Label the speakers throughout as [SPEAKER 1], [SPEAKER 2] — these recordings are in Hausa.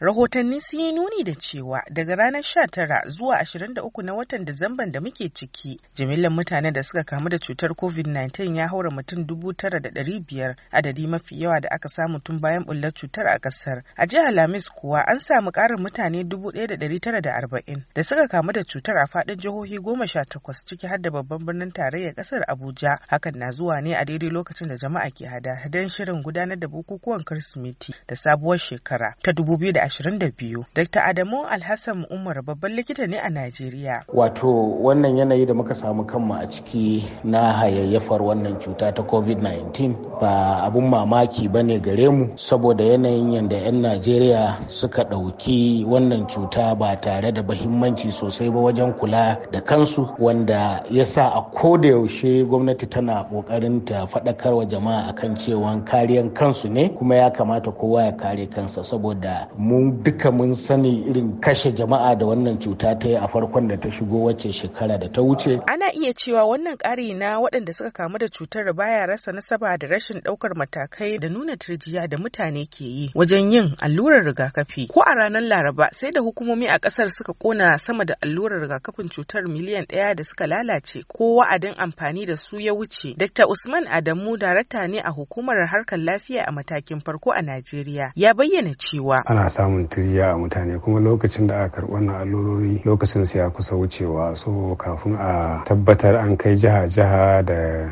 [SPEAKER 1] Rahotanni sun yi nuni da cewa daga ranar 19 zuwa 23 na watan Disamban da muke ciki, jimillar mutanen da suka kamu da cutar COVID-19 ya haura mutum 9,500 adadi mafi yawa da aka samu tun bayan bullar cutar a kasar. A jihar Lamis kuwa an samu karin mutane 1,940 da suka kamu da cutar a faɗin jihohi 18 ciki har da babban birnin tarayyar kasar Abuja. Hakan na zuwa ne a daidai lokacin da jama'a ke hada-hadan shirin gudanar da bukukuwan Kirsimeti da sabuwar shekara ta 2020. 2022. Dr. Adamu Alhassan Umar babban likita ne a Najeriya.
[SPEAKER 2] Wato wannan yanayi da muka samu kanmu a ciki na hayayyafar wannan cuta ta COVID-19 ba abun mamaki ba ne gare mu saboda yanayin yadda 'yan Najeriya suka ɗauki wannan cuta ba tare da bahimmanci sosai ba wajen kula da kansu wanda ya sa a yaushe gwamnati tana ƙoƙarin ta faɗakar wa jama'a akan cewa kariyan kansu ne kuma ya kamata kowa ya kare kansa saboda mu mun duka mun sani irin kashe jama'a da wannan cuta ta yi a farkon da ta shigo wacce shekara
[SPEAKER 1] da ta wuce. Ana iya cewa wannan ƙari na waɗanda suka kamu da cutar baya rasa nasaba da rashin ɗaukar matakai da nuna turjiya da mutane ke yi wajen yin allurar rigakafi. Ko a ranar Laraba sai da hukumomi a ƙasar suka kona sama da allurar rigakafin cutar miliyan ɗaya da suka lalace ko wa'adin amfani da su ya wuce. Dr. Usman Adamu darakta ne a hukumar harkar lafiya a matakin farko a Najeriya ya bayyana cewa. Ana samun
[SPEAKER 3] turiya a mutane kuma lokacin da aka karɓi wannan allurori lokacin su ya kusa wucewa so kafin a tabbatar an kai jiha-jiha da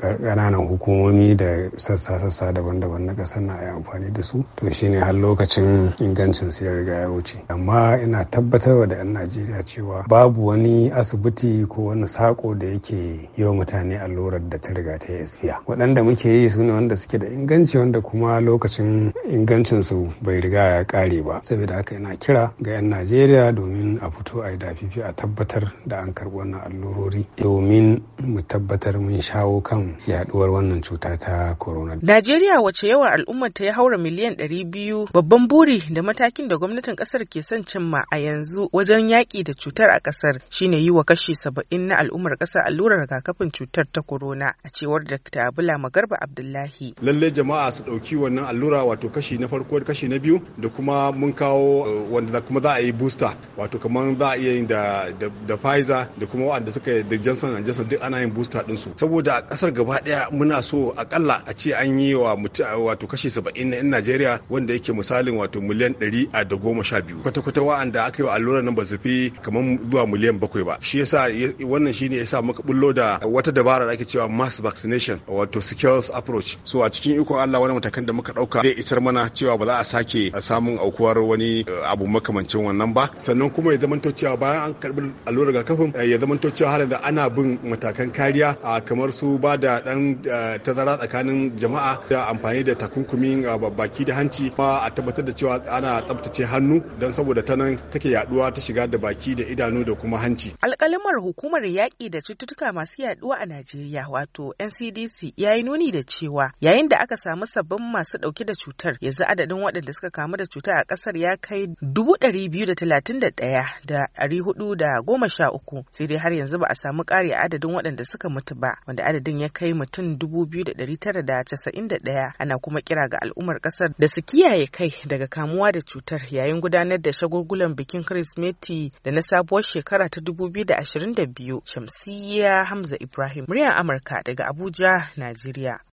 [SPEAKER 3] ƙananan hukumomi da sassa-sassa daban-daban na ƙasar na a yi amfani da su to shine har lokacin ingancin su ya riga ya wuce amma ina tabbatar da 'yan najeriya cewa babu wani asibiti ko wani sako da yake yi wa mutane allurar da ta riga ta yi spr waɗanda muke yi su ne wanda suke da inganci wanda kuma lokacin ingancinsu bai riga ya ƙare kare ba saboda haka yana kira ga 'yan najeriya domin a fito a yi dafifi a tabbatar da an karɓi wannan allurori domin mu tabbatar mun shawo kan yaduwar wannan cuta ta
[SPEAKER 1] corona. najeriya wace yawan al'ummar ta ya haura miliyan biyu? babban buri da matakin da gwamnatin kasar ke son cimma a yanzu wajen yaƙi da cutar a kasar shine yi wa kashi saba'in na al'ummar kasar allurar rigakafin cutar ta corona a cewar da abula magarba abdullahi
[SPEAKER 4] lallai jama'a su ɗauki wannan allura wato kashi na farko kashi na biyu da kuma kuma mun kawo eh, wanda kuma za a yi booster wato kamar za a iya yin da da Pfizer da kuma wanda suka da Johnson Johnson duk ana yin booster din su saboda a kasar gaba daya muna so a kalla a ce an yi wa wato kashi 70 na Najeriya wanda yake misalin wato miliyan 100 a da goma sha biyu kwata-kwata wa'anda aka yi wa allurar nan ba su fi kamar zuwa miliyan bakwai ba shi yasa wannan shine yasa muka bullo da wata dabara da ake cewa mass vaccination wato secure approach so a cikin ikon Allah wani matakan da muka dauka zai isar mana cewa ba za a sake samun aukuwar wani eh, abu makamancin wannan ba sannan kuma ya zama cewa bayan an karbi allurar kafin eh, ya zamanta cewa har da ana bin matakan kariya a kamar su ba da dan eh, tazara tsakanin jama'a da amfani da takunkumin baki da hanci ba a tabbatar da cewa ana tsabtace hannu don saboda ta nan take yaduwa ta shiga da baki da idanu da kuma hanci
[SPEAKER 1] alƙalimar hukumar yaƙi da cututtuka masu yaduwa a Najeriya wato NCDC ya yi nuni da cewa yayin da aka samu sabbin masu ɗauke da cutar yanzu adadin waɗanda suka kamu da cutar a kasar ya kai dubu ɗari biyu da talatin da ɗaya da hudu da goma sha uku sai dai har yanzu ba a samu kari a adadin waɗanda suka mutu ba wanda adadin ya kai mutum dubu biyu da ɗari tara da casa'in da ɗaya ana kuma kira ga al'ummar ƙasar da su kiyaye kai daga kamuwa da cutar yayin gudanar da shagulgulan bikin Kirsimeti da na sabuwar shekara ta dubu biyu da ashirin da biyu Shamsiyya Hamza Ibrahim muryar Amurka daga Abuja, Najeriya.